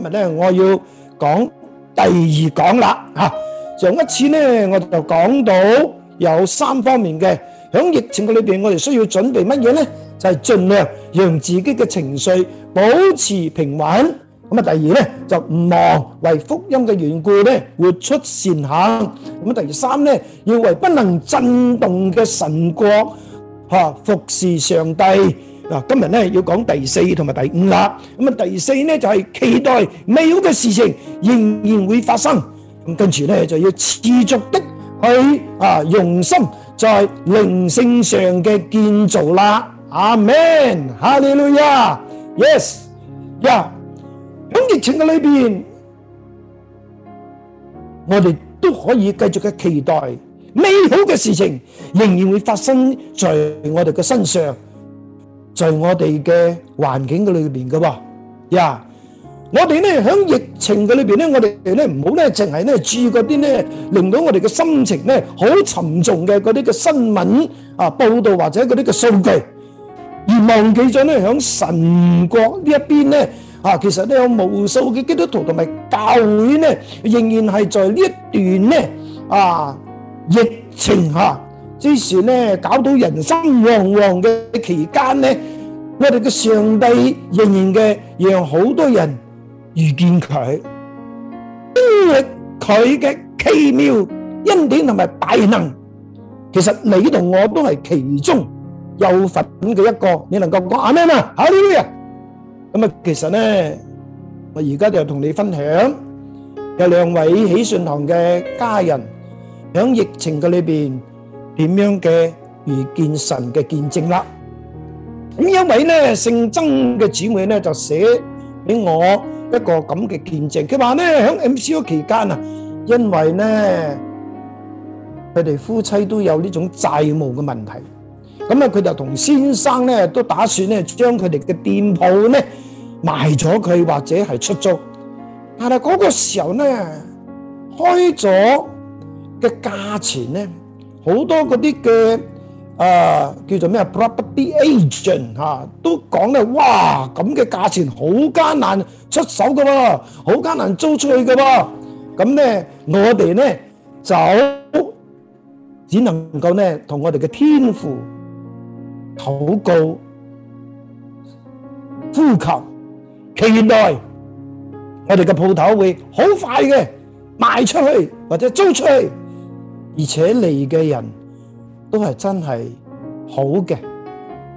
今日咧，我要講第二講啦。吓，上一次呢，我就講到有三方面嘅，響疫情嘅裏邊，我哋需要準備乜嘢呢？就係盡量讓自己嘅情緒保持平穩。咁啊，第二呢就唔忘為福音嘅緣故呢，活出善行。咁啊，第三呢要為不能震動嘅神國吓服侍上帝。嗱，今日咧要講第四同埋第五啦。咁啊，第四咧就係期待美好嘅事情仍然會發生。咁跟住咧就要持續地去啊用心在靈性上嘅建造啦。阿門，哈利路亞，yes，呀，喺疫情嘅裏邊，我哋都可以繼續嘅期待美好嘅事情仍然會發生在我哋嘅身上。在我哋嘅環境嘅裏邊嘅喎，呀！我哋咧喺疫情嘅裏邊咧，我哋咧唔好咧淨係咧注意嗰啲咧令到我哋嘅心情咧好沉重嘅嗰啲嘅新聞啊報導或者嗰啲嘅數據，而忘記咗咧喺神國呢一邊咧啊，其實咧都有無數嘅基督徒同埋教會咧仍然係在呢一段咧啊疫情下之時咧，搞到人心惶惶嘅期間咧，我哋嘅上帝仍然嘅讓好多人遇見佢，經歷佢嘅奇妙恩典同埋大能。其實你同我都係其中有份嘅一個，你能夠講啱咩嘛？吓呢啲人咁啊！其實咧，我而家就同你分享有兩位喜信堂嘅家人響疫情嘅裏邊。點樣嘅遇見神嘅見證啦。咁一位呢，姓曾嘅姊妹呢就寫俾我一個咁嘅見證，佢話呢，喺 MCO 期間啊，因為呢佢哋夫妻都有呢種債務嘅問題，咁啊佢就同先生呢都打算呢將佢哋嘅店鋪呢賣咗佢或者係出租，但係嗰個時候呢開咗嘅價錢呢？好多嗰啲嘅，誒、呃、叫做咩啊？property agent 嚇、啊，都講咧，哇咁嘅價錢好艱難出手嘅喎，好艱難租出去嘅喎。咁咧，我哋咧就只能夠咧，同我哋嘅天父禱告、呼求，其原來我哋嘅鋪頭會好快嘅賣出去或者租出去。而且嚟嘅人都係真係好嘅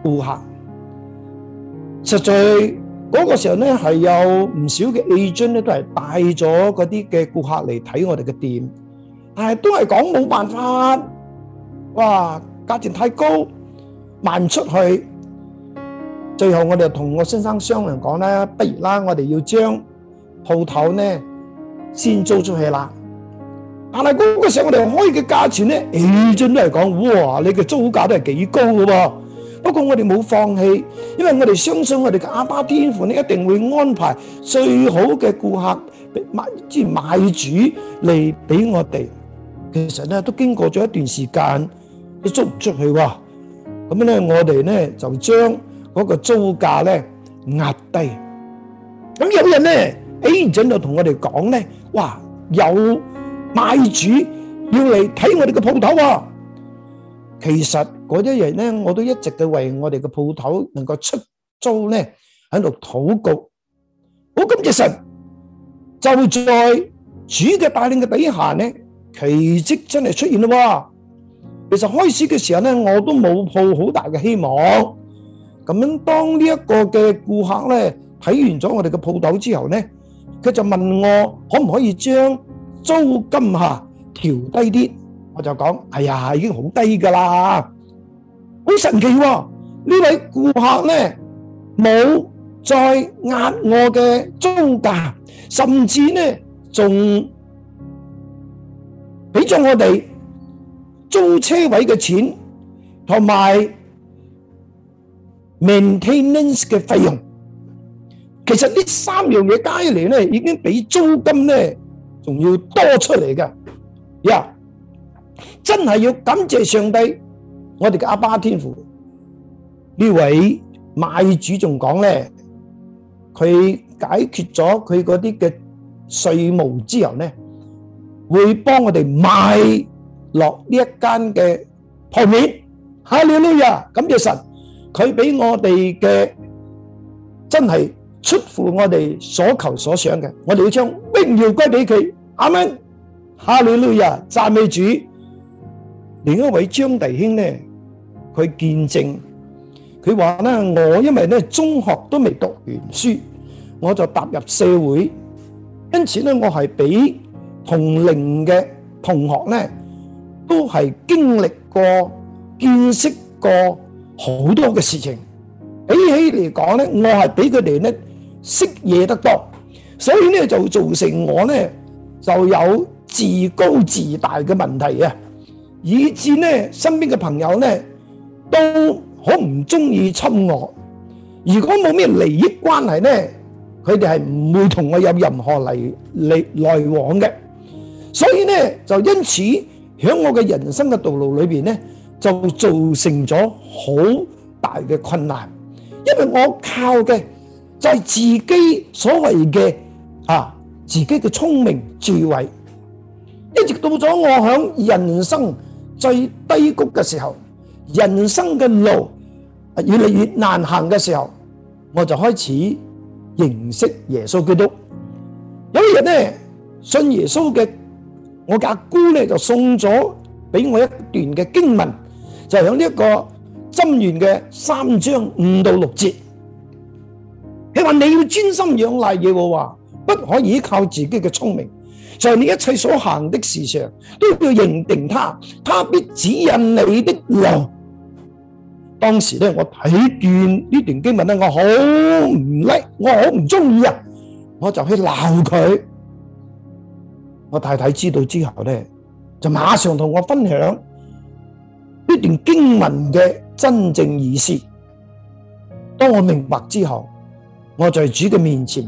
顧客，實在嗰個時候呢，係有唔少嘅 agent 都係帶咗嗰啲嘅顧客嚟睇我哋嘅店，但係都係講冇辦法，哇，價錢太高賣唔出去，最後我哋就同我先生商量講啦，不如啦，我哋要將鋪頭呢先租出去啦。但係嗰個時候我哋開嘅價錢咧，幾準都係講，哇！你嘅租價都係幾高嘅喎。不過我哋冇放棄，因為我哋相信我哋嘅阿爸天父咧，你一定會安排最好嘅顧客、買即係買主嚟俾我哋。其實咧，都經過咗一段時間，都租唔出去喎。咁咧，我哋咧就將嗰個租價咧壓低。咁有人咧，幾準就同我哋講咧，哇！有。賣主要嚟睇我哋嘅鋪頭啊！其實嗰一日咧，我都一直都為我哋嘅鋪頭能夠出租咧，喺度禱告。好，感謝神，就在主嘅帶領嘅底下咧，奇蹟真係出現咯。其實開始嘅時候咧，我都冇抱好大嘅希望。咁樣當這呢一個嘅顧客咧睇完咗我哋嘅鋪頭之後咧，佢就問我可唔可以將租金吓調低啲，我就講，哎呀，已經好低㗎啦，好神奇喎，哦！呢位顧客咧冇再壓我嘅租價，甚至咧仲俾咗我哋租車位嘅錢同埋 maintenance 嘅費用。其實呢三樣嘢加起嚟咧，已經俾租金咧。仲要多出嚟噶，呀！真係要感謝上帝，我哋嘅阿爸天父。呢位賣主仲講咧，佢解決咗佢嗰啲嘅稅務之後咧，會幫我哋買落呢一間嘅鋪面。哈利路亞！感謝神，佢俾我哋嘅真係出乎我哋所求所想嘅。我哋要將榮耀歸俾佢，阿門，哈利路亞讚美主。另一位張弟兄呢，佢見證，佢話呢，我因為呢中學都未讀完書，我就踏入社會，因此呢，我係比同齡嘅同學呢，都係經歷過、見識過好多嘅事情，比起嚟講呢，我係比佢哋呢識嘢得多。所以咧就造成我呢就有自高自大嘅問題啊，以致呢身邊嘅朋友呢都好唔中意侵我。如果冇咩利益關係呢，佢哋係唔會同我有任何嚟嚟來，來往嘅。所以呢，就因此響我嘅人生嘅道路裏邊呢，就造成咗好大嘅困難，因為我靠嘅就係自己所謂嘅。啊！自己嘅聰明智慧，一直到咗我響人生最低谷嘅時候，人生嘅路越嚟越難行嘅時候，我就開始認識耶穌基督。有啲人呢信耶穌嘅，我嘅阿姑咧就送咗俾我一段嘅經文，就係響呢一個箴言嘅三章五到六節，佢話你要專心仰賴耶和華。不可以靠自己嘅聰明，在你一切所行的事上都要認定他，他必指引你的路。當時咧，我睇見呢段經文咧，我好唔叻，我好唔中意啊！我就去鬧佢。我太太知道之後咧，就馬上同我分享呢段經文嘅真正意思。當我明白之後，我在主嘅面前。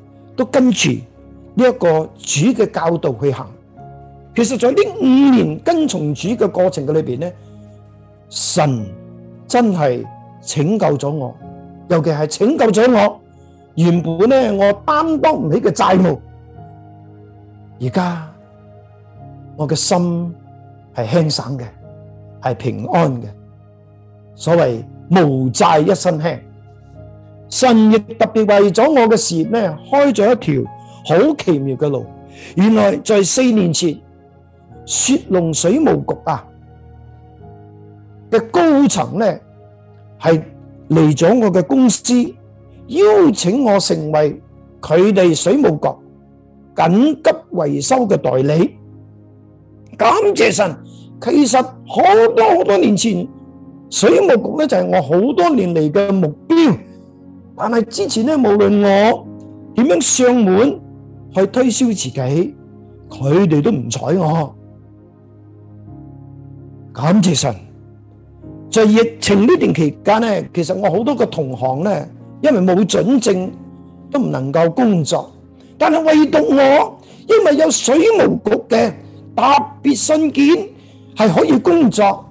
都跟住呢一個主嘅教導去行，其實，在呢五年跟從主嘅過程嘅裏邊呢，神真係拯救咗我，尤其係拯救咗我原本呢我擔當唔起嘅債務，而家我嘅心係輕省嘅，係平安嘅，所謂無債一身輕。神亦特別為咗我嘅事業咧，開咗一條好奇妙嘅路。原來在四年前，雪龍水務局啊嘅高層咧係嚟咗我嘅公司，邀請我成為佢哋水務局緊急維修嘅代理。感謝神，其實好多好多年前，水務局咧就係我好多年嚟嘅目標。但係之前咧，無論我點樣上門去推銷自己，佢哋都唔睬我。感謝神，在疫情呢段期間咧，其實我好多個同行咧，因為冇准證都唔能夠工作，但係唯獨我，因為有水務局嘅特別信件，係可以工作，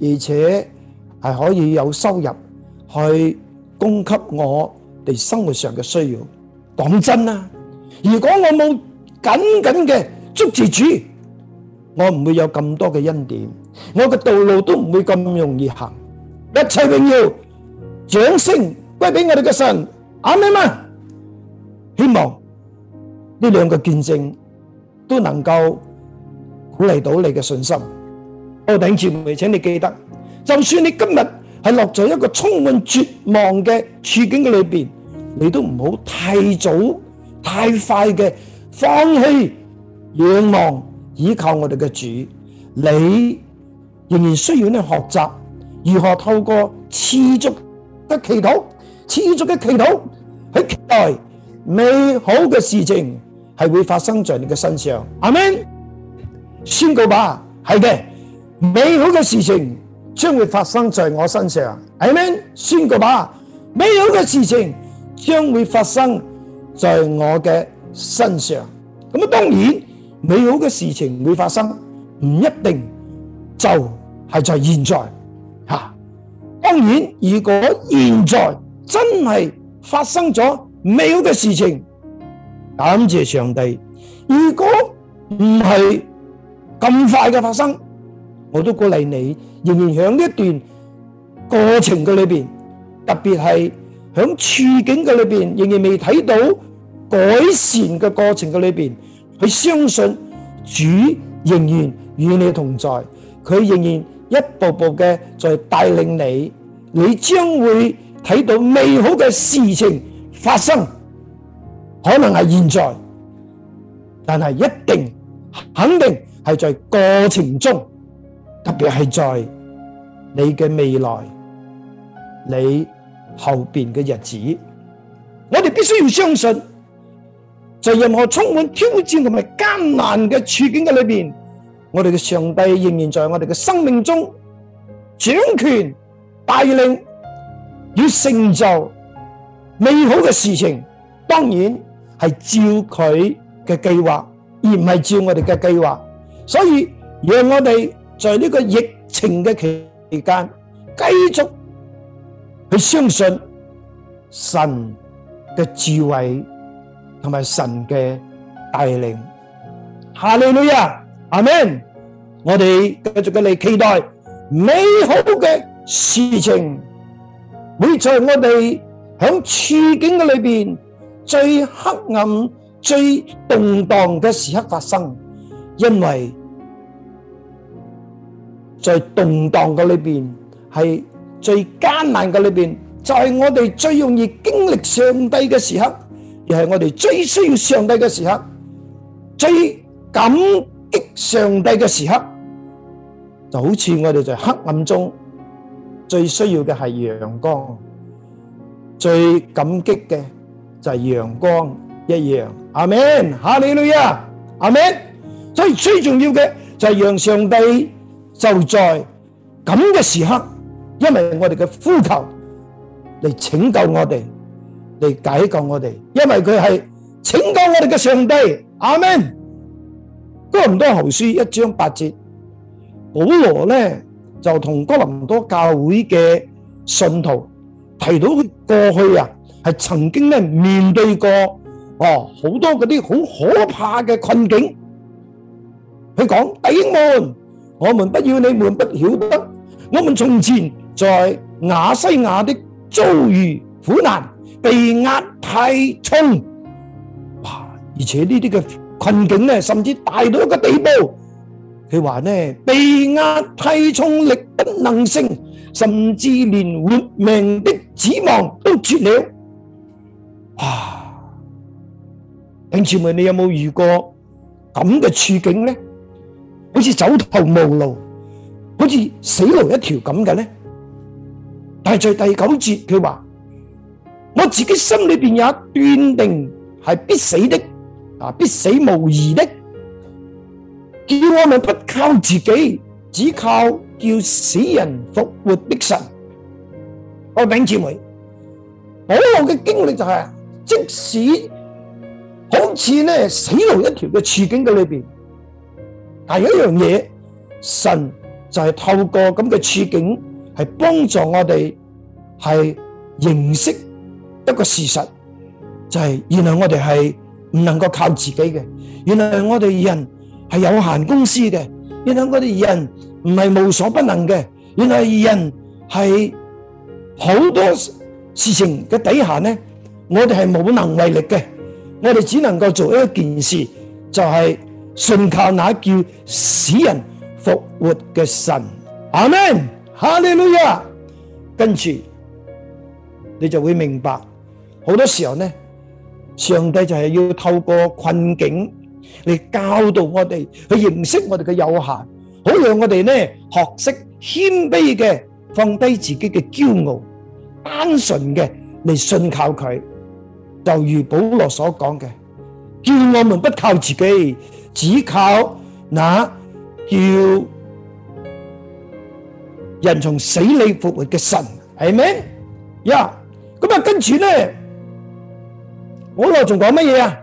而且係可以有收入去，供給我哋生活上嘅需要。講真啊，如果我冇緊緊嘅捉住主，我唔會有咁多嘅恩典，我嘅道路都唔會咁容易行。一切榮耀掌聲歸俾我哋嘅神阿門啊。希望呢兩個見證都能夠鼓勵到你嘅信心。我頂住，唔請你記得，就算你今日。係落咗一個充滿絕望嘅處境嘅裏邊，你都唔好太早太快嘅放棄仰望依靠我哋嘅主，你仍然需要呢，學習如何透過持續嘅祈禱、持續嘅祈禱去期待美好嘅事情係會發生在你嘅身上。阿門。宣告吧，係嘅，美好嘅事情。將會發生在我身上，係咪？宣告吧！美好嘅事情將會發生在我嘅身上。咁啊，當然美好嘅事情會發生，唔一定就係在現在吓。當然，如果現在真係發生咗美好嘅事情，感謝上帝。如果唔係咁快嘅發生，我都鼓勵你。仍然喺一段過程嘅裏邊，特別係喺處境嘅裏邊，仍然未睇到改善嘅過程嘅裏邊，佢相信主仍然與你同在，佢仍然一步步嘅在帶領你，你將會睇到美好嘅事情發生，可能係現在，但係一定肯定係在過程中。特別係在你嘅未來，你後邊嘅日子，我哋必須要相信，在任何充滿挑戰同埋艱難嘅處境嘅裏邊，我哋嘅上帝仍然在我哋嘅生命中掌權帶領，要成就美好嘅事情。當然係照佢嘅計劃，而唔係照我哋嘅計劃。所以，讓我哋，在呢個疫情嘅期間，繼續去相信神嘅智慧同埋神嘅帶領。哈利路亞，阿門！我哋繼續嘅嚟期待美好嘅事情會在我哋響處境嘅裏面最黑暗、最動盪嘅時刻發生，因為。在動盪嘅裏面，係最艱難嘅裏面。就係、是、我哋最容易經歷上帝嘅時刻，亦係我哋最需要上帝嘅時刻，最感激上帝嘅時刻。就好似我哋在黑暗中，最需要嘅係陽光，最感激嘅就係陽光一樣。阿們，哈利路亞！阿們，所以最重要嘅就係讓上帝。就在咁嘅時刻，因為我哋嘅呼求嚟拯救我哋，嚟解救我哋，因為佢係拯救我哋嘅上帝。阿門。哥林多後書一章八節，保羅咧就同哥林多教會嘅信徒提到佢過去啊，係曾經咧面對過哦好多嗰啲好可怕嘅困境，佢講弟兄們。我們不要你們不曉得，我們從前在亞西亞的遭遇苦難，被壓太重，哇！而且呢啲嘅困境咧，甚至大到一個地步，佢話咧被壓太重，力不能勝，甚至連活命的指望都絕了。啊！弟兄們，你有冇遇過咁嘅處境咧？好似走投無路，好似死路一條咁嘅咧。但係在第九節佢話：我自己心裏邊也斷定係必死的，啊，必死無疑的。叫我們不靠自己，只靠叫死人復活的神。我哋姐妹，保羅嘅經歷就係，即使好似咧死路一條嘅處境嘅裏邊。但係有一樣嘢，神就係透過咁嘅處境，係幫助我哋係認識一個事實，就係原來我哋係唔能夠靠自己嘅，原來我哋人係有限公司嘅，原來我哋人唔係無所不能嘅，原來人係好多事情嘅底下呢，我哋係無能為力嘅，我哋只能夠做一件事，就係。信靠那叫死人復活嘅神，阿門，哈利路亞。跟住你就會明白，好多時候呢，上帝就係要透過困境嚟教導我哋去認識我哋嘅有限，好讓我哋呢學識謙卑嘅放低自己嘅驕傲，單純嘅嚟信靠佢。就如保羅所講嘅，叫我們不靠自己，只靠那叫人從死裏復活嘅神，係咪？呀，咁啊，跟住咧，我羅仲講乜嘢啊？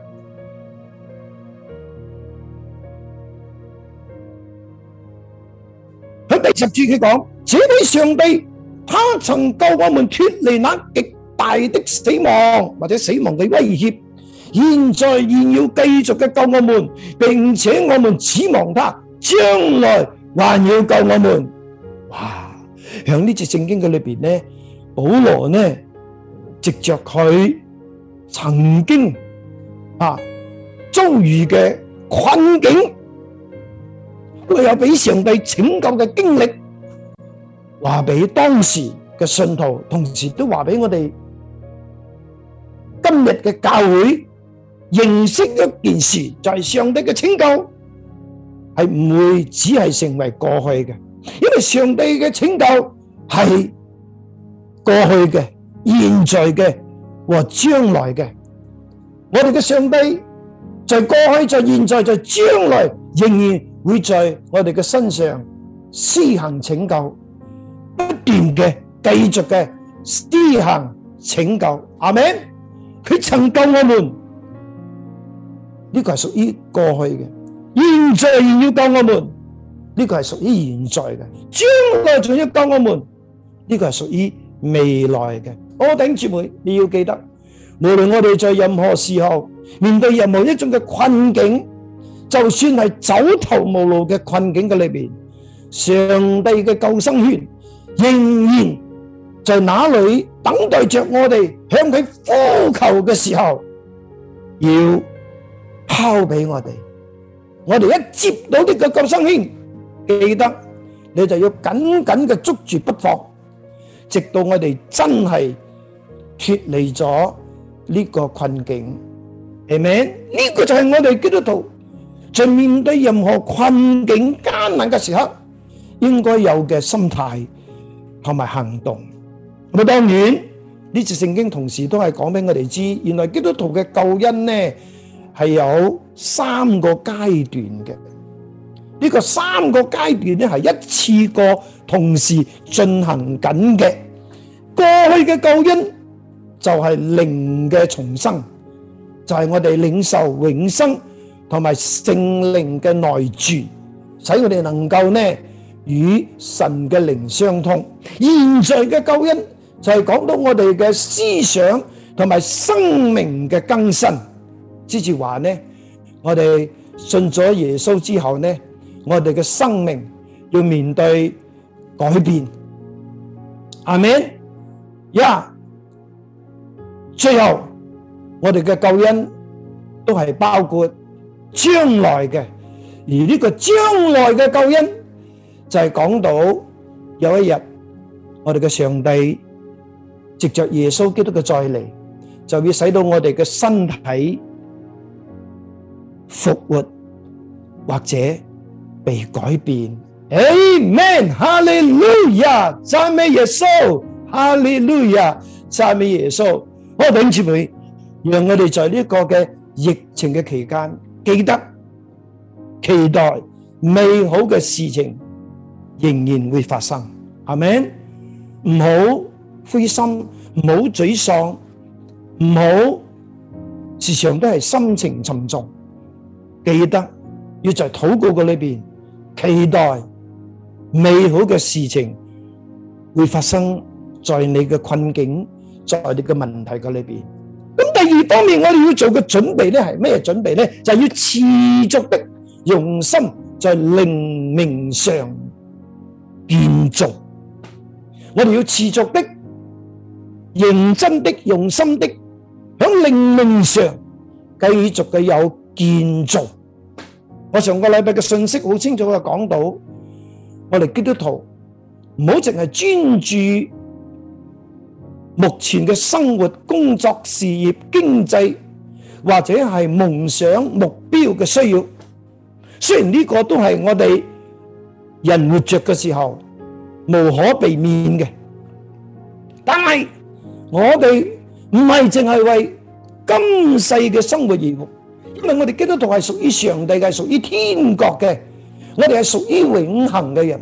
喺第十節佢講，這位上帝，他曾救我們脫離那極大的死亡，或者死亡嘅威脅。現在現在要繼續嘅救我們，並且我們指望他將來還要救我們。哇！響呢節聖經嘅裏邊，呢保羅呢，藉着佢曾經啊遭遇嘅困境，佢有俾上帝拯救嘅經歷，話俾當時嘅信徒，同時都話俾我哋今日嘅教會。認識一件事就係上帝嘅拯救，係唔會只係成為過去嘅，因為上帝嘅拯救係過去嘅、現在嘅和將來嘅。我哋嘅上帝在過去、在現在、在將來仍然會在我哋嘅身上施行拯救，不斷嘅繼續嘅施行拯救。阿門。佢拯救我們。呢個係屬於過去嘅，現在要救我們，呢個係屬於現在嘅，將來仲要救我們，呢個係屬於未來嘅。我頂住妹，你要記得，無論我哋在任何時候，面對任何一種嘅困境，就算係走投無路嘅困境嘅裏邊，上帝嘅救生圈仍然在那裏等待着我哋，向佢呼求嘅時候，要。拋俾我哋，我哋一接到呢個救生圈，記得你就要緊緊嘅捉住不放，直到我哋真係脫離咗呢個困境，係咪？呢個就係我哋基督徒在面對任何困境艱難嘅時刻應該有嘅心態同埋行動。咁當然呢次聖經同時都係講俾我哋知，原來基督徒嘅救恩呢？係有三個階段嘅，呢個三個階段咧，係一次過同時進行緊嘅。過去嘅救恩就係靈嘅重生，就係我哋領受永生同埋聖靈嘅內住，使我哋能夠咧，與神嘅靈相通。現在嘅救恩就係講到我哋嘅思想同埋生命嘅更新。之住話咧，我哋信咗耶穌之後咧，我哋嘅生命要面對改變，阿們，呀，最後我哋嘅救恩都係包括將來嘅，而呢個將來嘅救恩就係講到有一日，我哋嘅上帝藉着耶穌基督嘅再嚟，就會使到我哋嘅身體。復活或者被改變。Amen，Hallelujah，讚美耶穌。Hallelujah，讚美耶穌。我永志會，讓我哋在呢個嘅疫情嘅期間，記得期待美好嘅事情仍然會發生。係咪？唔好灰心，唔好沮喪，唔好時常都係心情沉重。記得要在禱告嘅裏邊期待美好嘅事情會發生在你嘅困境、在你嘅問題嘅裏邊。咁第二方面，我哋要做嘅準備呢係咩準備呢？就係要持續的用心在靈命上建造。我哋要持續的認真、的用心的響靈命上繼續嘅有。建造，我上個禮拜嘅信息好清楚嘅講到，我哋基督徒唔好淨係專注目前嘅生活、工作、事業、經濟或者係夢想目標嘅需要。雖然呢個都係我哋人活着嘅時候無可避免嘅，但係我哋唔係淨係為今世嘅生活而活。因為我哋基督徒係屬於上帝嘅，係屬於天國嘅，我哋係屬於永恆嘅人。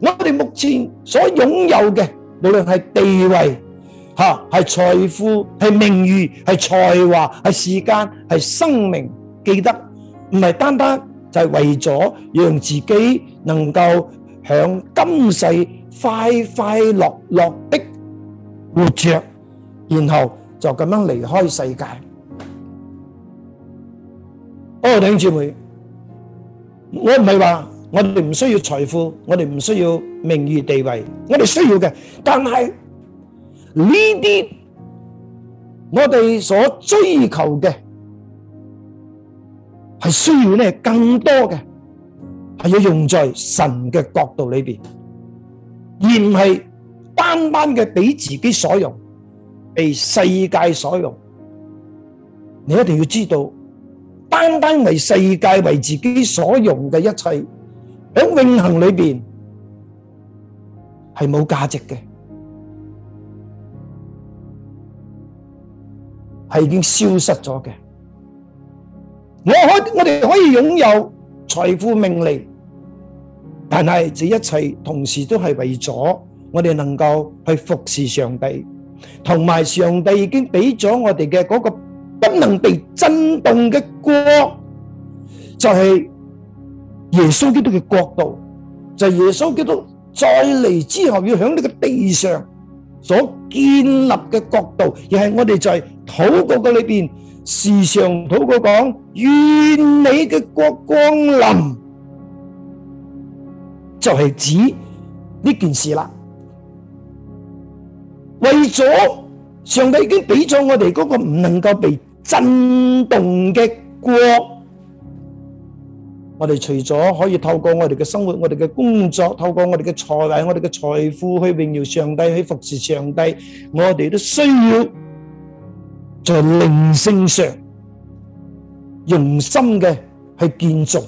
我哋目前所擁有嘅，無論係地位、吓係財富、係名譽、係才華、係時間、係生命，記得唔係單單就係為咗讓自己能夠響今世快快樂樂的活着，然後就咁樣離開世界。哦，弟兄姊妹，我唔係話我哋唔需要財富，我哋唔需要名譽地位，我哋需要嘅，但係呢啲我哋所追求嘅係需要咧更多嘅，係要用在神嘅角度裏邊，而唔係單單嘅俾自己所用，俾世界所用。你一定要知道。單單為世界，為自己所用嘅一切，喺永恒裏邊係冇價值嘅，係已經消失咗嘅。我可我哋可以擁有財富名利，但係這一切同時都係為咗我哋能夠去服侍上帝，同埋上帝已經俾咗我哋嘅嗰個。不能被震動嘅國就係耶穌基督嘅國度，就係耶穌基督再嚟之後要響呢個地上所建立嘅國度，又係我哋在禱告嗰裏邊時常禱告講，願你嘅國降臨，就係指呢件事啦。為咗上帝已經俾咗我哋嗰個唔能夠被震動嘅國，我哋除咗可以透過我哋嘅生活、我哋嘅工作、透過我哋嘅才華、我哋嘅財富去榮耀上帝、去服侍上帝，我哋都需要在靈性上用心嘅去建造，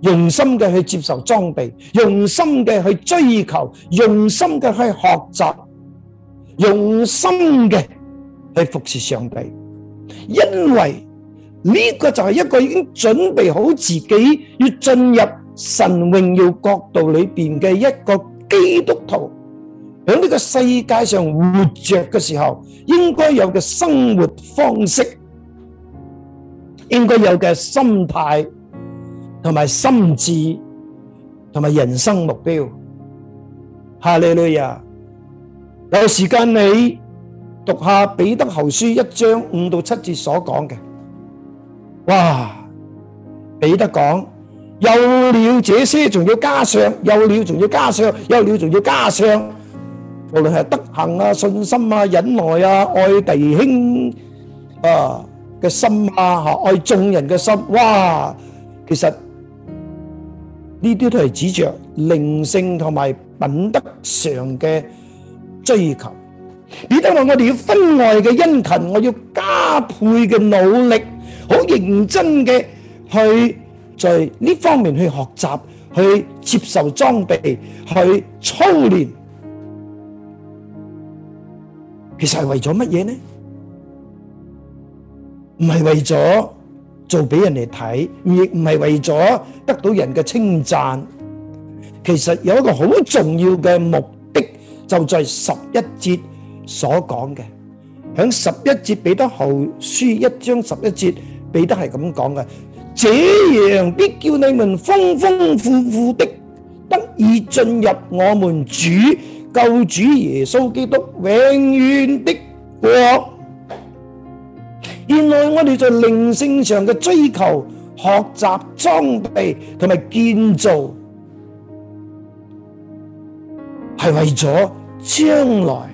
用心嘅去接受裝備，用心嘅去追求，用心嘅去學習，用心嘅。去服侍上帝，因為呢個就係一個已經準備好自己要進入神榮耀國度裏邊嘅一個基督徒，喺呢個世界上活着嘅時候，應該有嘅生活方式，應該有嘅心態，同埋心智，同埋人生目標。哈利路亞！有時間你。讀下彼得後書一章五到七節所講嘅，哇！彼得講有了這些，仲要加上；有了，仲要加上；有了，仲要加上。無論係德行啊、信心啊、忍耐啊、愛弟兄啊嘅心啊、愛眾人嘅心，哇！其實呢啲都係指著靈性同埋品德上嘅追求。你都話我哋要分外嘅殷勤，我要加倍嘅努力，好認真嘅去在呢方面去學習，去接受裝備，去操練。其實係為咗乜嘢呢？唔係為咗做俾人哋睇，亦唔係為咗得到人嘅稱讚。其實有一個好重要嘅目的，就在十一節。所講嘅，喺十一節彼得後書一章十一節彼得係咁講嘅，這樣必叫你們豐豐富富的得以進入我們主救主耶穌基督永遠的國。原來我哋在靈性上嘅追求、學習、裝備同埋建造，係為咗將來。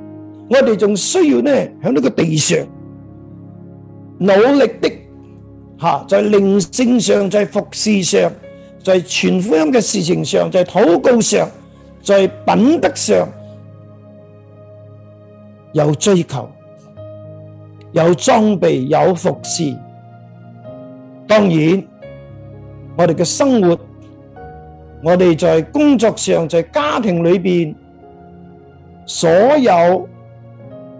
我哋仲需要咧，喺呢個地上努力的，吓，在靈性上，在服侍上，在傳福音嘅事情上，在禱告上，在品德上有追求，有裝備，有服侍。當然，我哋嘅生活，我哋在工作上，在家庭裏邊，所有。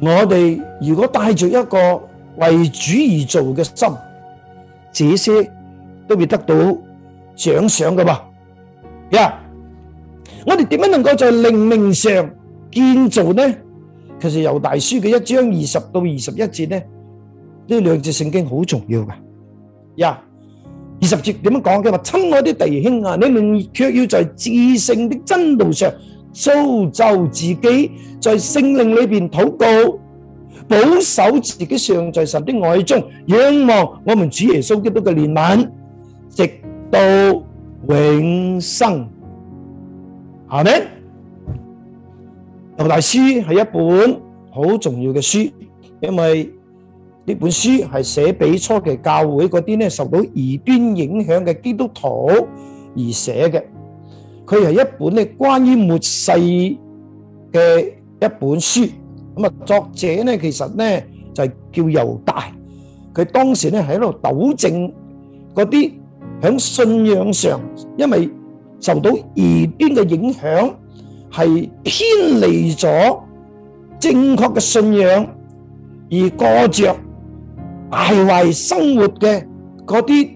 我哋如果帶着一個為主而做嘅心，這些都會得到獎賞噶嘛？呀，我哋點樣能夠在靈命上建造呢？其實猶大書嘅一章二十到二十一節呢，呢兩節聖經好重要噶。呀，二十節點樣講嘅話，親愛啲弟兄啊，你哋卻要在至聖的真道上。造就自己，在聖靈裏邊禱告，保守自己尚在神的愛中，仰望我們主耶穌基督嘅憐憫，直到永生。係咪？《猶大書》係一本好重要嘅書，因為呢本書係寫俾初期嘅教會嗰啲呢受到異端影響嘅基督徒而寫嘅。佢係一本咧，關於末世嘅一本書，咁啊作者咧，其實咧就係叫猶大，佢當時咧喺度糾正嗰啲喺信仰上因為受到異端嘅影響係偏離咗正確嘅信仰而過著敗壞生活嘅嗰啲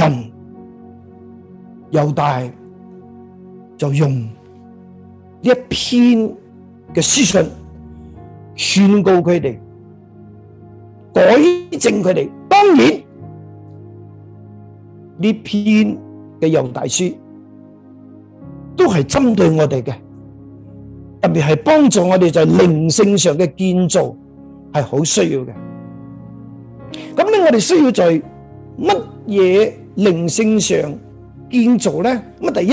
人，猶大。就用一篇嘅書信勸告佢哋改正佢哋。當然呢篇嘅猶大書都係針對我哋嘅，特別係幫助我哋在靈性上嘅建造係好需要嘅。咁咧，我哋需要在乜嘢靈性上建造咧？乜第一？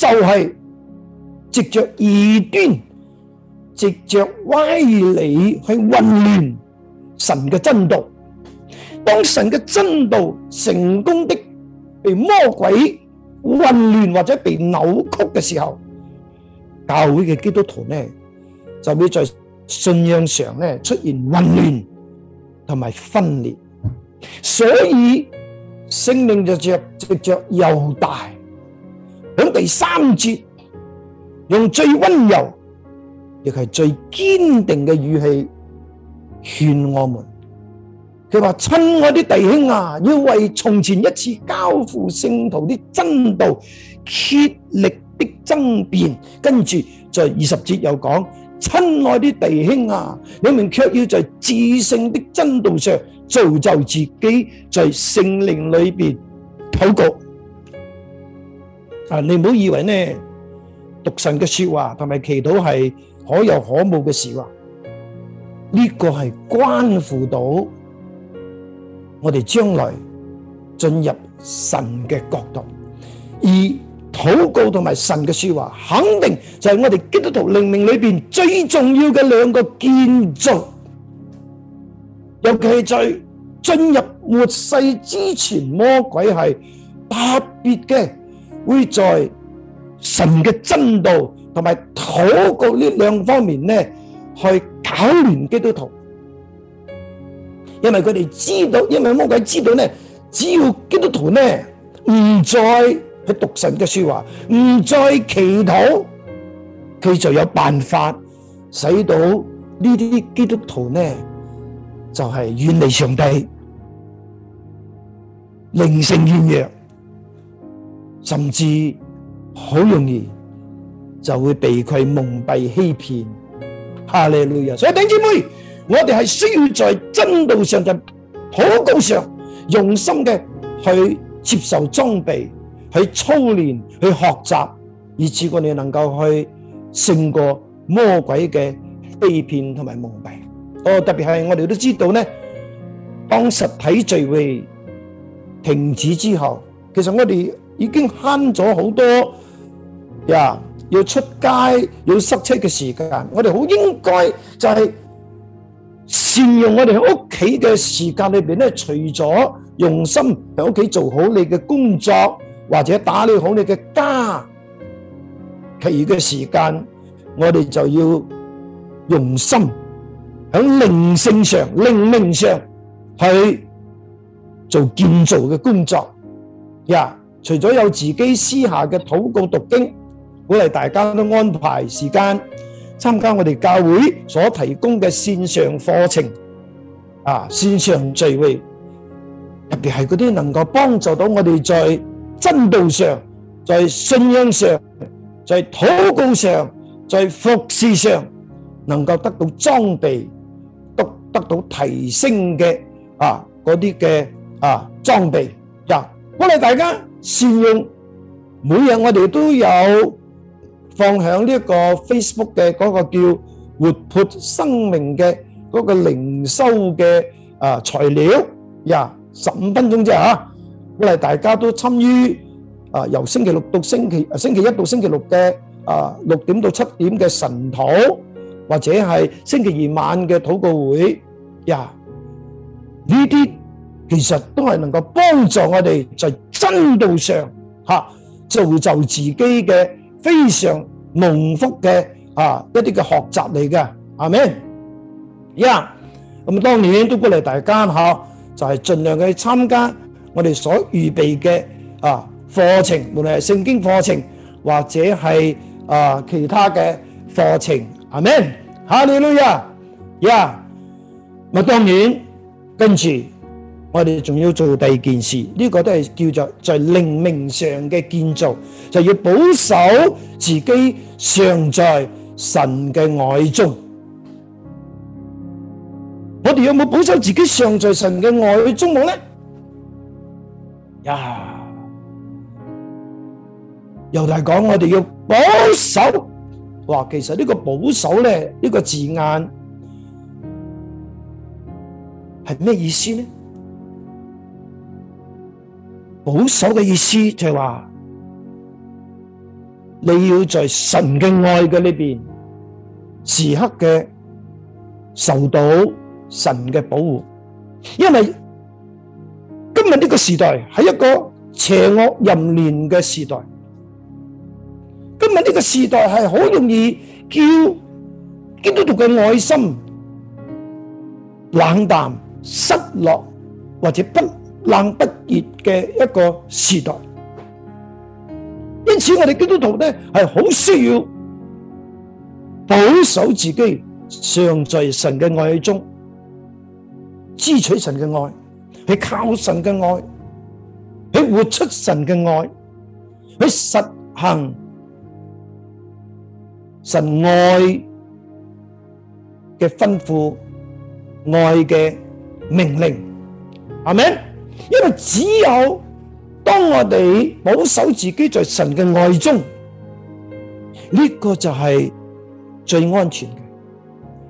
就係藉着異端，藉着歪理去混亂神嘅真道。當神嘅真道成功的被魔鬼混亂或者被扭曲嘅時候，教會嘅基督徒呢就會在信仰上呢出現混亂同埋分裂。所以聖靈就著藉着猶大。響第三節，用最温柔亦係最堅定嘅語氣勸我們。佢話：親愛啲弟兄啊，要為從前一次交付聖徒啲真道竭力的爭辯。跟住在二十節又講：親愛啲弟兄啊，你們却要在至聖的真道上造就自己，在聖靈裏邊禱告。啊！你唔好以為呢讀神嘅說話同埋祈禱係可有可無嘅事，話呢個係關乎到我哋將來進入神嘅國度，而禱告同埋神嘅說話，肯定就係我哋基督徒靈命裏邊最重要嘅兩個建造。尤其係在進入末世之前，魔鬼係特別嘅。會在神嘅真道同埋禱告呢兩方面呢，去搞亂基督徒，因為佢哋知道，因為魔鬼知道呢，只要基督徒呢唔再去讀神嘅說話，唔再祈禱，佢就有辦法使到呢啲基督徒呢就係遠離上帝，靈性軟弱。甚至好容易就會被佢蒙蔽欺騙，哈利路亞。所以弟兄姊妹，我哋係需要在真道上就好高尚，用心嘅去接受裝備，去操練，去學習，以至過你能夠去勝過魔鬼嘅欺騙同埋蒙蔽。哦，特別係我哋都知道咧，當實體聚會停止之後，其實我哋。已經慳咗好多呀！要出街要塞車嘅時間，我哋好應該就係善用我哋喺屋企嘅時間裏邊咧，除咗用心喺屋企做好你嘅工作或者打理好你嘅家，其餘嘅時間我哋就要用心喺靈性上、靈命上去做建造嘅工作呀！除咗有自己私下嘅禱告讀經，鼓勵大家都安排時間參加我哋教會所提供嘅線上課程，啊線上聚會，特別係嗰啲能夠幫助到我哋在真道上、在信仰上、在禱告上、在服侍上，能夠得到裝備，得得到提升嘅啊嗰啲嘅啊裝備入。我哋大家善用，每日我哋都有放響呢一個 Facebook 嘅嗰個叫活潑生命嘅嗰個靈修嘅啊材料，呀十五分鐘啫吓，我哋大家都參與啊由星期六到星期啊星期一到星期六嘅啊六點到七點嘅晨禱，或者係星期二晚嘅禱告會，呀呢啲。其實都係能夠幫助我哋在真道上吓造就自己嘅非常蒙福嘅啊一啲嘅學習嚟嘅，係咪？呀、yeah.，咁當然都鼓勵大家吓，就係、是、盡量去參加我哋所預備嘅啊課程，無論係聖經課程或者係啊其他嘅課程，係咪？哈利路亞，呀，咁當然跟住。我哋仲要做第二件事，呢個都係叫做在靈命上嘅建造，就要保守自己尚在神嘅愛中。我哋有冇保守自己尚在神嘅愛中冇咧？呀，又係講我哋要保守。哇，其實呢個保守咧，呢個字眼係咩意思咧？保守嘅意思就係話，你要在神嘅愛嘅呢邊時刻嘅受到神嘅保護，因為今日呢個時代係一個邪惡淫亂嘅時代，今日呢個時代係好容易叫基督徒嘅愛心冷淡、失落或者不冷不熱嘅一個時代，因此我哋基督徒咧係好需要保守自己，尚在神嘅愛中，支取神嘅愛，去靠神嘅愛，去活出神嘅愛，去實行神愛嘅吩咐、愛嘅命令。係咪？因為只有當我哋保守自己在神嘅愛中，呢個就係最安全嘅，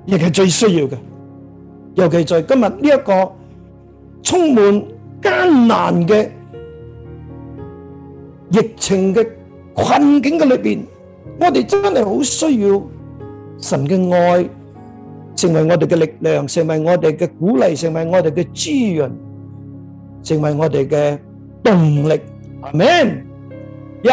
亦係最需要嘅。尤其在今日呢一個充滿艱難嘅疫情嘅困境嘅裏邊，我哋真係好需要神嘅愛，成為我哋嘅力量，成為我哋嘅鼓勵，成為我哋嘅滋潤。成為我哋嘅動力，阿 man 一，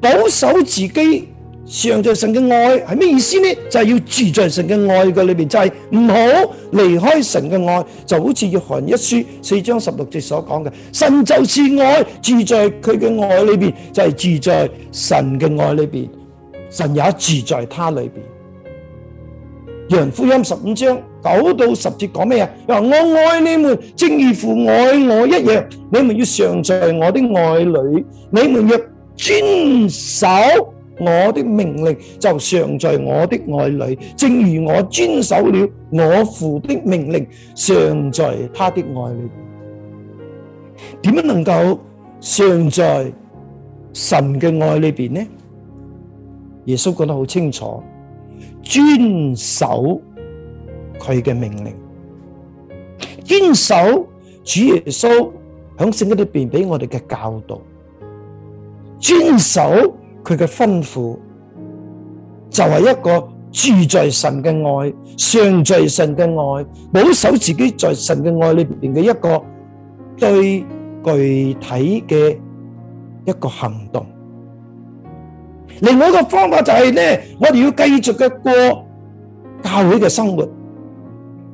保守自己住在神嘅愛係咩意思呢？就係要住在神嘅愛嘅裏邊，就係唔好離開神嘅愛，就好似約翰一書四章十六節所講嘅，神就是愛，住在佢嘅愛裏邊，就係住在神嘅愛裏邊，神也住在他裏邊。約翰福音十五章。九到十節講咩呀？又話，我愛你們，正如父愛我一樣，你們要常在我的愛裡，你們若遵守我的命令，就常在我的愛裡。正如我遵守了我父的命令，常在他的愛裡。點樣能夠常在神嘅愛裡面呢？耶穌講得好清楚，遵守。佢嘅命令，堅守主耶穌響聖經裏邊俾我哋嘅教導，遵守佢嘅吩咐，就係一個住在神嘅愛、常在神嘅愛，保守自己在神嘅愛裏邊嘅一個最具體嘅一個行動。另外一個方法就係咧，我哋要繼續嘅過教會嘅生活。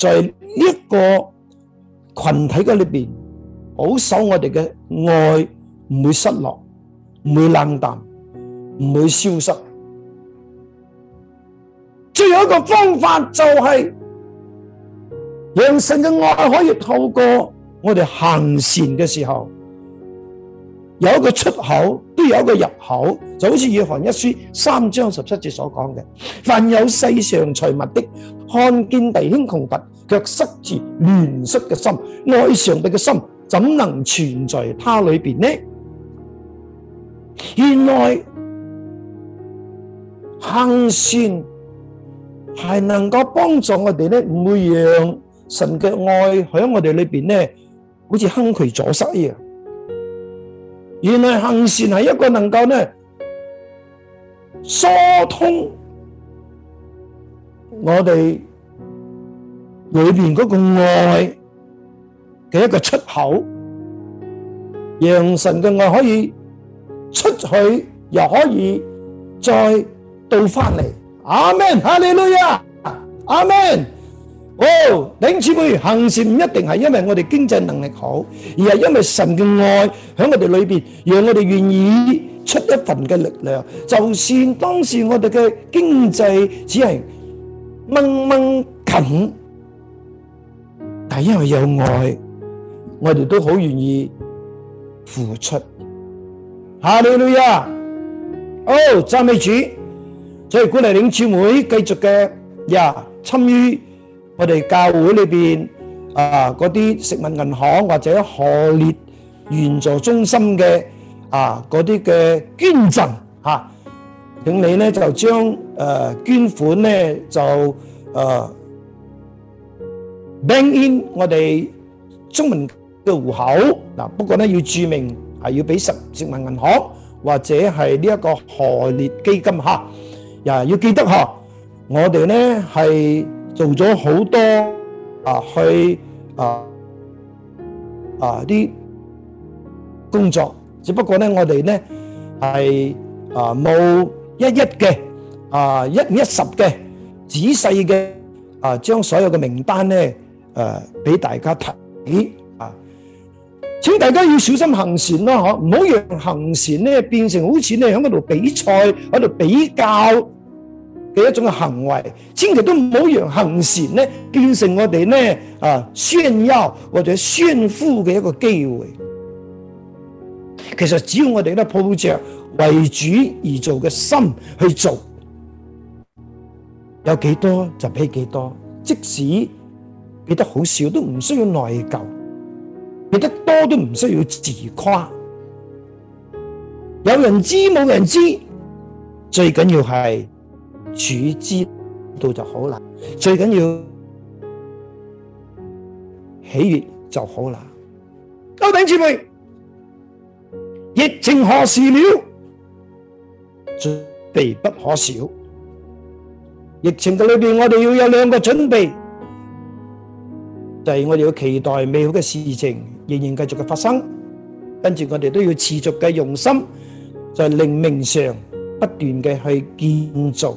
在一個群體嘅裏面，保守我哋嘅愛，唔會失落，唔會冷淡，唔會消失。最後一個方法就是人性嘅愛可以透過我哋行善嘅時候。有一個出口，都有一個入口，就好似約翰一書三章十七節所講嘅：凡有世上財物的，看見弟兄窮乏，卻塞住憐恤嘅心，愛上帝嘅心，怎能存在他裏邊呢？原來行善，係能夠幫助我哋呢，唔會讓神嘅愛響我哋裏邊呢，好似坑渠阻塞一樣。原來行善係一個能夠疏通我哋裏面嗰個愛嘅一個出口，讓神嘅愛可以出去，又可以再倒返嚟。阿門，哈利路亞，阿門。哦、領主會行善唔一定係因為我哋經濟能力好，而係因為神嘅愛喺我哋裏邊，讓我哋願意出一份嘅力量。就算當時我哋嘅經濟只係掹掹緊，但係因為有愛，我哋都好願意付出。哈利路亞，哦，讚美主，所以鼓勵領主會繼續嘅呀參與。Yeah, 參與我哋教會裏邊啊，嗰啲食物銀行或者何烈援助中心嘅啊，嗰啲嘅捐贈嚇，請你咧就將誒捐款咧就誒 bank in 我哋中文嘅戶口嗱，不過咧要註明係要俾食食物銀行或者係呢一個何烈基金嚇，呀要記得呵，我哋咧係。做咗好多啊，去啊啊啲工作，只不過咧，我哋咧係啊冇一一嘅啊一五一十嘅仔細嘅啊，將所有嘅名單咧，誒俾大家睇啊！請大家要小心行船啦，吓唔好讓行船咧變成好似你響嗰度比賽，喺度比較。嘅一種嘅行為，千祈都唔好讓行善咧變成我哋咧啊炫耀或者炫富嘅一個機會。其實只要我哋都抱着為主而做嘅心去做，有幾多就俾幾多，即使俾得好少都唔需要內疚，俾得多都唔需要自誇。有人知冇人知，最緊要係。處之度就好啦，最緊要喜悅就好啦。究竟準備疫情何時了？準備不可少。疫情嘅裏邊，我哋要有兩個準備，就係我哋要期待美好嘅事情仍然繼續嘅發生，跟住我哋都要持續嘅用心，就係靈命上不斷嘅去建造。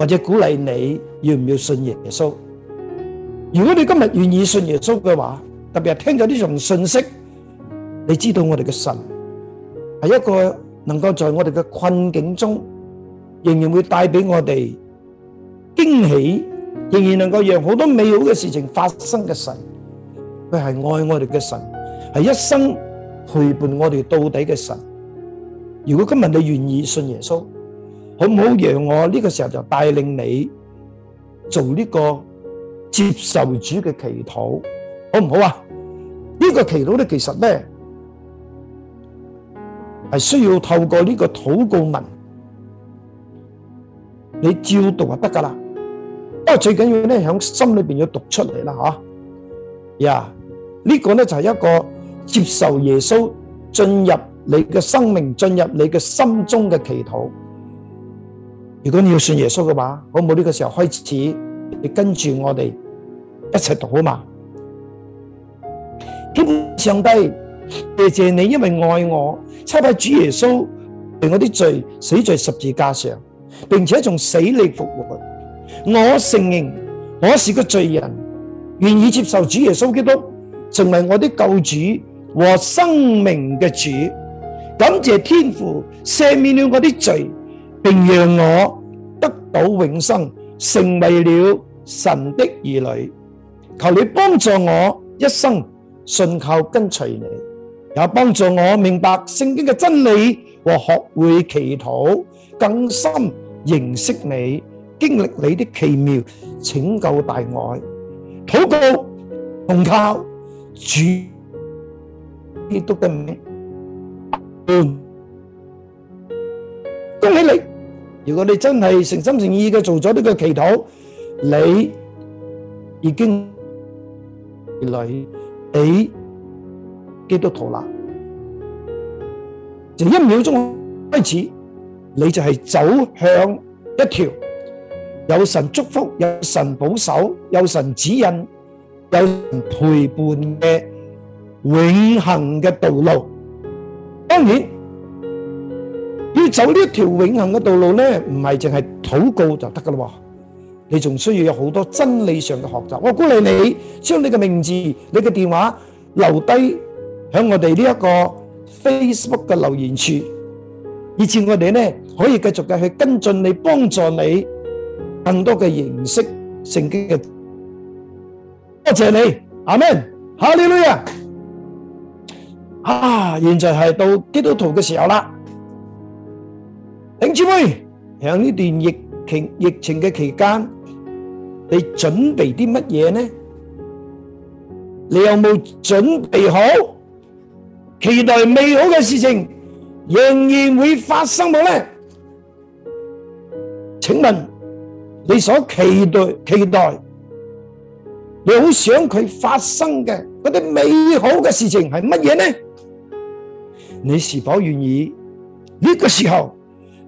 或者鼓勵你要唔要信耶穌？如果你今日願意信耶穌嘅話，特別係聽咗呢種信息，你知道我哋嘅神係一個能夠在我哋嘅困境中，仍然會帶俾我哋驚喜，仍然能夠讓好多美好嘅事情發生嘅神，佢係愛我哋嘅神，係一生陪伴我哋到底嘅神。如果今日你願意信耶穌。好唔好讓我呢個時候就帶領你做呢個接受主嘅祈禱，好唔好啊？呢個祈禱咧，其實咧係需要透過呢個禱告文，你照讀就得噶啦。不過最緊要咧，響心裏邊要讀出嚟啦，吓呀！呢個咧就係一個接受耶穌進入你嘅生命，進入你嘅心中嘅祈禱。如果你要信耶穌嘅話，好冇呢個時候開始，你跟住我哋一齊讀好嘛。天上帝，謝謝你因為愛我，差派主耶穌為我啲罪死在十字架上，並且從死裏復活。我承認我是個罪人，願意接受主耶穌基督成為我的救主和生命嘅主。感謝天父赦免了我啲罪。並讓我得到永生，成為了神的兒女。求你幫助我一生信靠跟隨你，也幫助我明白聖經嘅真理和學會祈禱，更深認識你，經歷你的奇妙拯救大愛。禱告同靠主，基督嘅名，嗯，恭喜你。如果你真係誠心誠意嘅做咗呢個祈禱，你已經嚟俾基督徒啦。從一秒鐘開始，你就係走向一條有神祝福、有神保守、有神指引、有人陪伴嘅永恆嘅道路。當然。要走呢一條永恒嘅道路咧，唔係淨係禱告就得噶咯你仲需要有好多真理上嘅學習。我鼓勵你將你嘅名字、你嘅電話留低響我哋呢一個 Facebook 嘅留言處，以致我哋咧，可以繼續嘅去跟進你，幫助你更多嘅認識聖經嘅。多謝你，阿 Man，哈利亞，啊，現在係到基督徒嘅時候啦。弟兄姊妹，喺呢段疫情疫情嘅期間，你準備啲乜嘢呢？你有冇準備好？期待美好嘅事情仍然會發生冇呢？請問你所期待期待，你好想佢發生嘅嗰啲美好嘅事情係乜嘢呢？你是否願意呢個時候？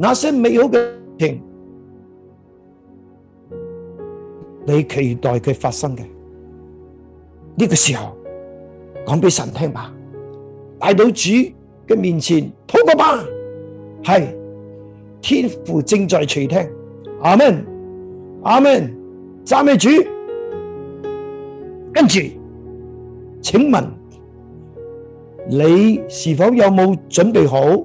那些美好嘅情，你期待佢發生嘅呢個時候，講俾神聽吧，帶到主嘅面前，禱告吧，係天父正在垂聽，阿門，阿門，讚美主。跟住，請問你是否有冇準備好？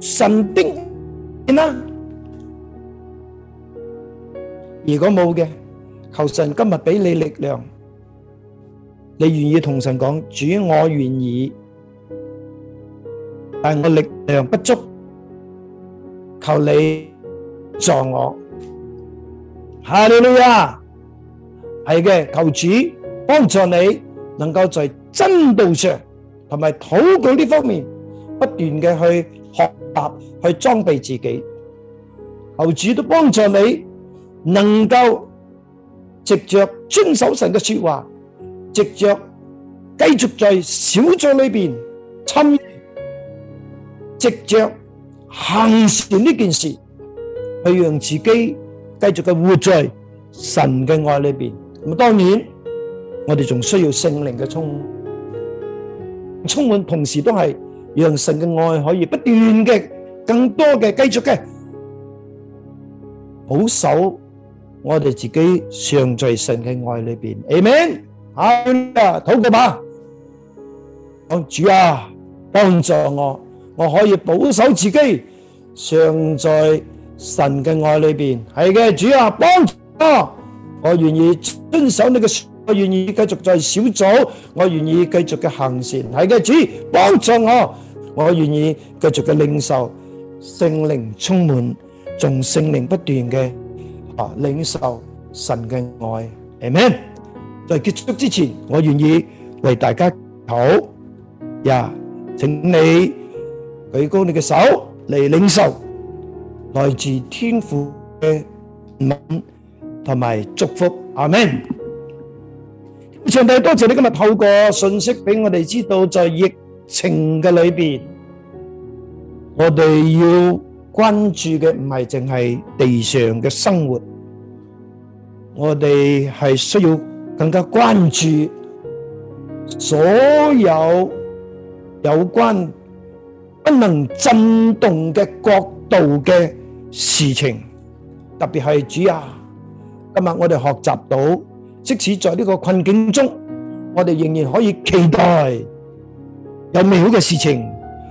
神的點啊？如果冇嘅，求神今日俾你力量。你願意同神講，主我願意，但我力量不足，求你助我。哈利路亞，係嘅，求主幫助你，能夠在真道上同埋禱告呢方面不斷嘅去。答去裝備自己，求主都幫助你能夠藉着遵守神嘅說話，藉着繼續在小組裏邊參與，藉着行善呢件事，去讓自己繼續嘅活在神嘅愛裏邊。咁當然，我哋仲需要聖靈嘅充充滿，同時都係。讓神嘅愛可以不斷嘅，更多嘅繼續嘅保守我哋自己，常在神嘅愛裏邊，阿們。啊，禱告吧！主啊，幫助我，我可以保守自己，常在神嘅愛裏邊。係嘅，主啊，幫助我，我願意遵守你嘅。我願意繼續在小組，我願意繼續嘅行善，係嘅，主幫助我。我願意繼續嘅領受，聖靈充滿，仲聖靈不斷嘅，啊，領受神嘅愛，阿門。在結束之前，我願意為大家好呀，請你舉高你嘅手嚟領受來自天父嘅同埋祝福，阿門。上帝多謝你今日透過信息俾我哋知道，在疫情嘅裏邊，我哋要關注嘅唔係淨係地上嘅生活，我哋係需要更加關注所有有關不能震動嘅國度嘅事情，特別係主啊！今日我哋學習到。即使在呢個困境中，我哋仍然可以期待有美好嘅事情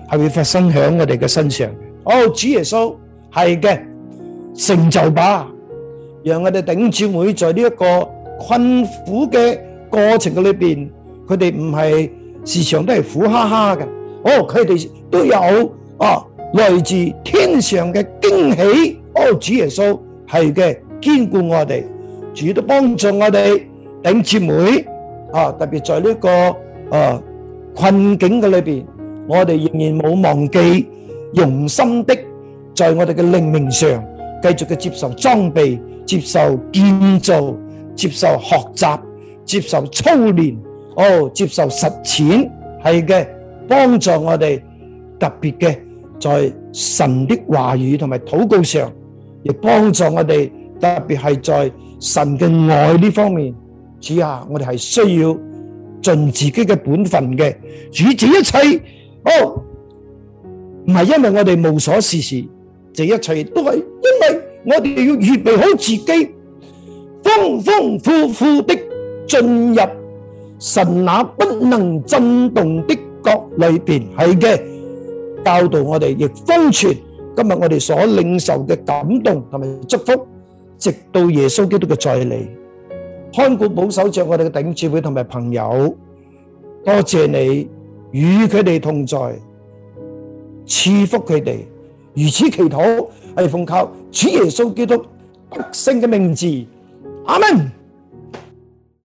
係會發生喺我哋嘅身上。哦，主耶穌，係嘅，成就吧，讓我哋頂住，會在呢一個困苦嘅過程嘅裏面，佢哋唔係時常都係苦哈哈嘅。哦，佢哋都有啊，來自天上嘅驚喜。哦，主耶穌，係嘅，堅固我哋。都幫助我哋頂住會啊！特別在呢個誒困境嘅裏邊，我哋仍然冇忘記用心的，在我哋嘅靈命上繼續嘅接受裝備、接受建造、接受學習、接受操練哦，接受實踐係嘅，幫助我哋特別嘅在神的話語同埋禱告上，亦幫助我哋特別係在。神嘅愛呢方面，主下我哋係需要盡自己嘅本分嘅，主，這一切哦，唔係因為我哋無所事事，這一切都係因為我哋要預備好自己，豐豐富富的進入神那不能震動的國裏邊，係嘅，教導我哋亦封存今日我哋所領受嘅感動同埋祝福。直到耶穌基督嘅再嚟，看顧保守著我哋嘅弟兄姊妹同埋朋友，多謝你與佢哋同在，賜福佢哋。如此祈禱係奉靠主耶穌基督得勝嘅名字，阿門。